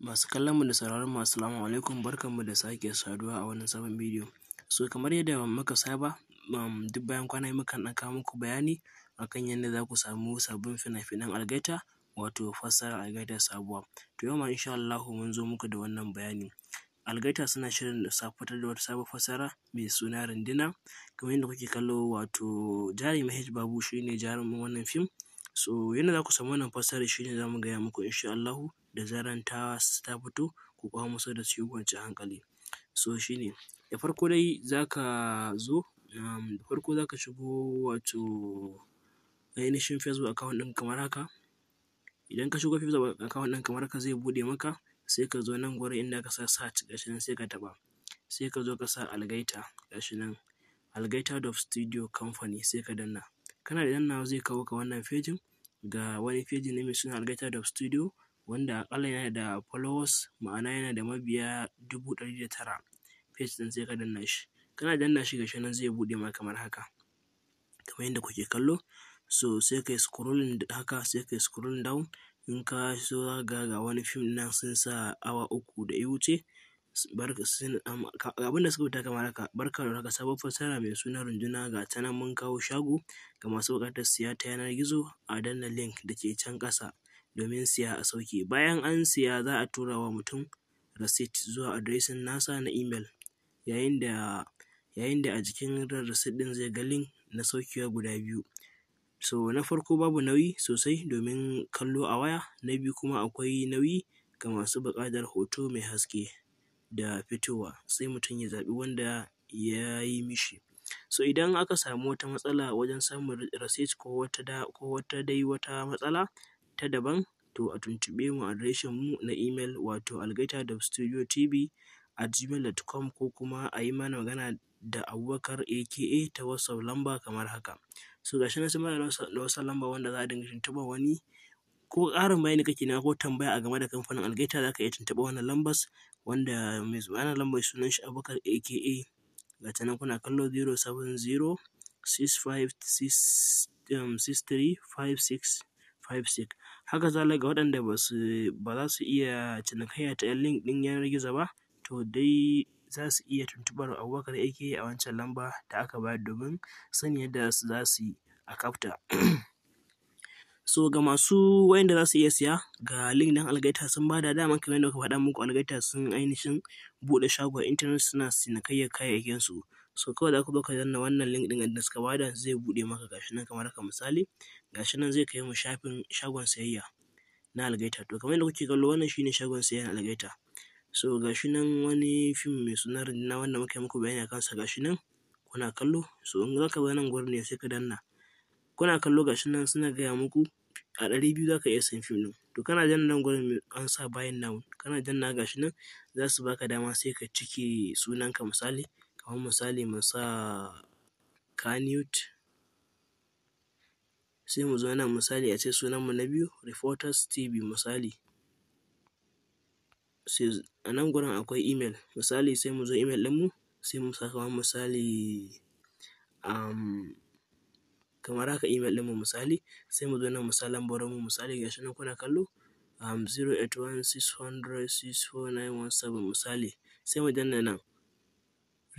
Masu kallon mu da sauraron mu assalamu alaikum barkan mu da sake saduwa a wannan sabon bidiyo. So kamar yadda muka saba um, duk bayan kwana muka dan kawo muku bayani akan yadda za ku samu sabbin fina-finan algaita wato fassara algaita sabuwa. To yau ma insha Allah mun zo muku da wannan bayani. Algaita suna shirin fitar da wata sabon fassara mai suna rundina kamar yadda kuke kallo wato jarumi H Babu shine jarumin wannan fim. So yadda za ku samu wannan fassara shine za mu gaya muku insha Allah da zaran ta ta fito ku kawo musu da su kwanci hankali so shine da farko dai zaka zo um, da farko zaka shigo wato ainihin facebook account ɗin kamar haka idan ka shigo facebook account ɗin kamar haka zai buɗe maka sai ka zo nan gurin inda ka sa search gashi nan sai ka taɓa sai ka zo ka sa algaita gashi nan algaita of studio company sai ka danna kana da dannawa zai kawo ka wannan fejin ga wani feji ne mai suna algaita of studio wanda akalla yana da followers ma'ana yana da mabiya dubu ɗari da tara page ɗin sai ka danna shi kana danna shi gashi nan zai buɗe ma kamar haka kamar yadda kuke kallo so sai kai scrolling haka sai kai scrolling down in ka so ga ga wani fim nan sun sa awa uku da ya wuce abin da suka fita kamar haka barka da haka sabon fasara mai suna runduna ga ta mun kawo shago ga masu buƙatar siya ta yanar gizo a danna link da ke can ƙasa domin siya a sauki Bayan an siya za a tura wa mutum receipt zuwa adresin nasa na email yayin da a jikin receipt din zai ga link na saukewa guda biyu. So na farko babu nauyi sosai domin kallo a waya, na biyu kuma akwai nauyi ga masu buƙatar hoto mai haske da fitowa sai mutum ya zaɓi wanda ya yi mishi. So idan aka samu wata matsala wajen samun receipt ko wata dai wata matsala ta daban to a tuntuɓe mu adireshin mu na imel wato algaita da studio tv a gmail.com ko kuma a yi mana magana da abubakar aka ta whatsapp lamba kamar haka so gashi na sun da wasu lamba wanda za a dinga tuntuɓa wani ko ƙarin bayani kake na ko tambaya a game da kamfanin algaita za ka iya tuntuɓa wannan lambas wanda mai zuwa lambar sunan shi abubakar aka ga ta kuna kallo 070 65 haka zalika waɗanda ba su ba za su iya cinikayya ta yan link ɗin yanar gizo ba to dai za su iya tuntubar Abubakar aka a wancan lamba da aka ba domin san yadda za su yi a kafta. so ga masu wayanda za su iya siya ga link ɗin algaita sun ba bada dama kamar yadda ka faɗa muku algaita sun ainihin buɗe shagon intanet suna cinikayya kayayyakin su So kawai za ku zo ka danna wannan link ɗin da suka bada zai buɗe maka gashi nan kamar haka misali gashi nan zai kai mu shafin shagon sayayya na algaita. To kamar yadda kuke kallo wannan shine shagon sayayya na algaita. So gashi nan wani fim mai suna na wanda muka yi muku bayani akan kansa gashi nan kuna kallo. So in za ka nan gurin ne sai ka danna. Kuna kallo gashi nan suna gaya muku a ɗari biyu za ka iya sayan fim ɗin. To kana danna nan gurin an sa buying nan kana danna gashi nan za su baka dama sai ka cike sunanka misali. kamar misali mu sa Kannywood sai mu zo nan misali a ce sunanmu na biyu Reporters TV misali sai a nan gurin akwai email misali sai mu zo email ɗinmu sai mu sa kamar misali um, kamar haka email ɗinmu misali sai mu zo nan mu sa mu misali ga shi nan kuna kallo um, 081 600 misali sai mu danna nan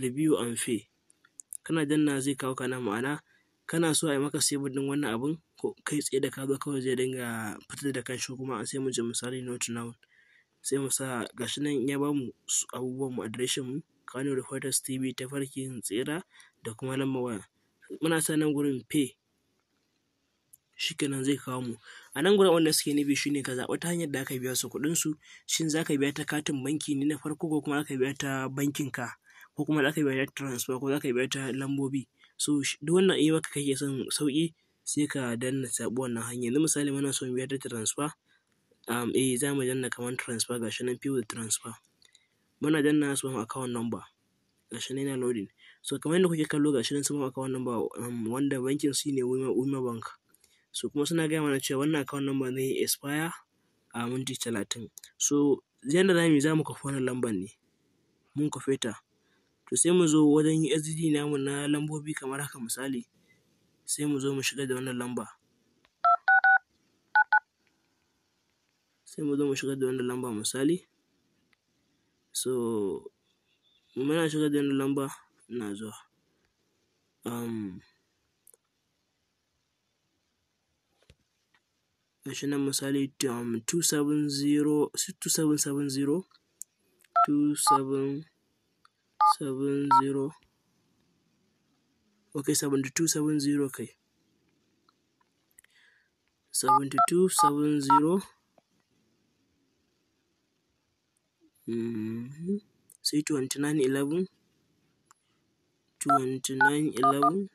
review and pay kana danna zai kawo kana ma'ana kana so a yi maka sai din wannan abun ko kai tsaye da ka zo kawai zai dinga fitar da kanshi kuma sai mu je misali not noun sai mu sa gashi nan ya bamu abubuwan mu adireshin mu Kano Reporters TV ta farkin tsira da kuma lamba waya muna sa nan gurin pay kenan zai kawo mu a nan gurin wanda suke nufi ne ka zaɓi ta hanyar da aka biya su kuɗin su shin ka biya ta katin banki ne na farko ko kuma aka biya ta bankin ka ko kuma za ka yi bayanan transfer ko za ka yi ta lambobi so duk wannan iya eh, maka kake son sauƙi sai ka danna sabuwar wannan hanya yanzu misali muna son biyar da transfer um, eh za mu danna kamar transfer ga shi nan with transfer muna danna spam account number ga shi nan yana loading so kamar yadda kuke kallo ga shi nan spam account number um, wanda bankin su ne Wima, Wima Bank so kuma suna gaya mana cewa wannan account number ne expire a minti talatin so yadda za mu yi za mu kafa wannan lambar ne mun kafe ta to sai mu zo wajen USDD namu na lambobi kamar haka misali sai mu zo mu shiga da wannan lamba sai mu zo mu shiga da wannan lamba misali so muna shiga da wannan lamba na zuwa um, gashi nan misali um, 2770 2770 seven zero ok seventy two seven zero seventy two seven zero mm-hmm. twenty nine eleven twenty nine eleven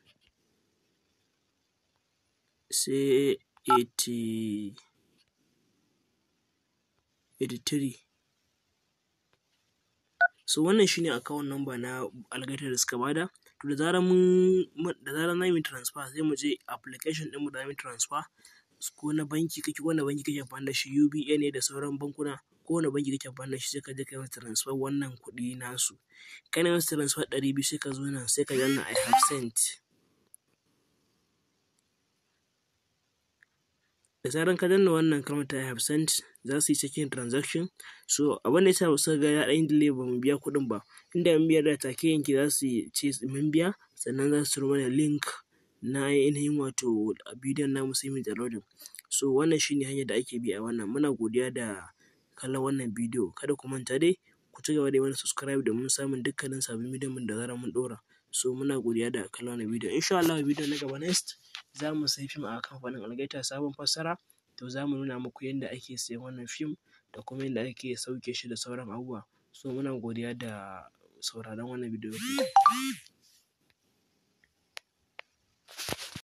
eighty eighty three So wannan shine account number na algaita da suka bada. To da zarar mun da zarar na yi transfer sai mu je application din mu da mu transfer ko na banki kake wanda na banki kake amfani da shi UBA ne da sauran bankuna ko wanda banki kake amfani da shi sai ka je kai transfer wannan kuɗi nasu. Kana masa transfer ɗari biyu sai ka zo nan sai ka danna I have sent. da zaran ka danna wannan kalmar ta have sent za su yi cikin transaction so abin da yasa suka ga ya dan delay ba mu biya kuɗin ba inda mun biya da take yanki za su ce mun biya sannan za su mana link na ainihin wato bidiyon namu sai mu downloading so wannan shine hanyar da ake bi a wannan muna godiya da kallon wannan bidiyo kada ku manta dai ku ci gaba da wani subscribe mun samun dukkanin sabbin bidiyon da zaran mun ɗora so muna godiya da kallon wannan bidiyo insha Allah bidiyo na gaba next za mu sayi fim a kamfanin Algaita Sabon Fassara to za mu nuna muku yadda ake sayan wannan fim da kuma yadda ake sauke shi da sauran abubuwa. So muna godiya da sauraron wannan bidiyo.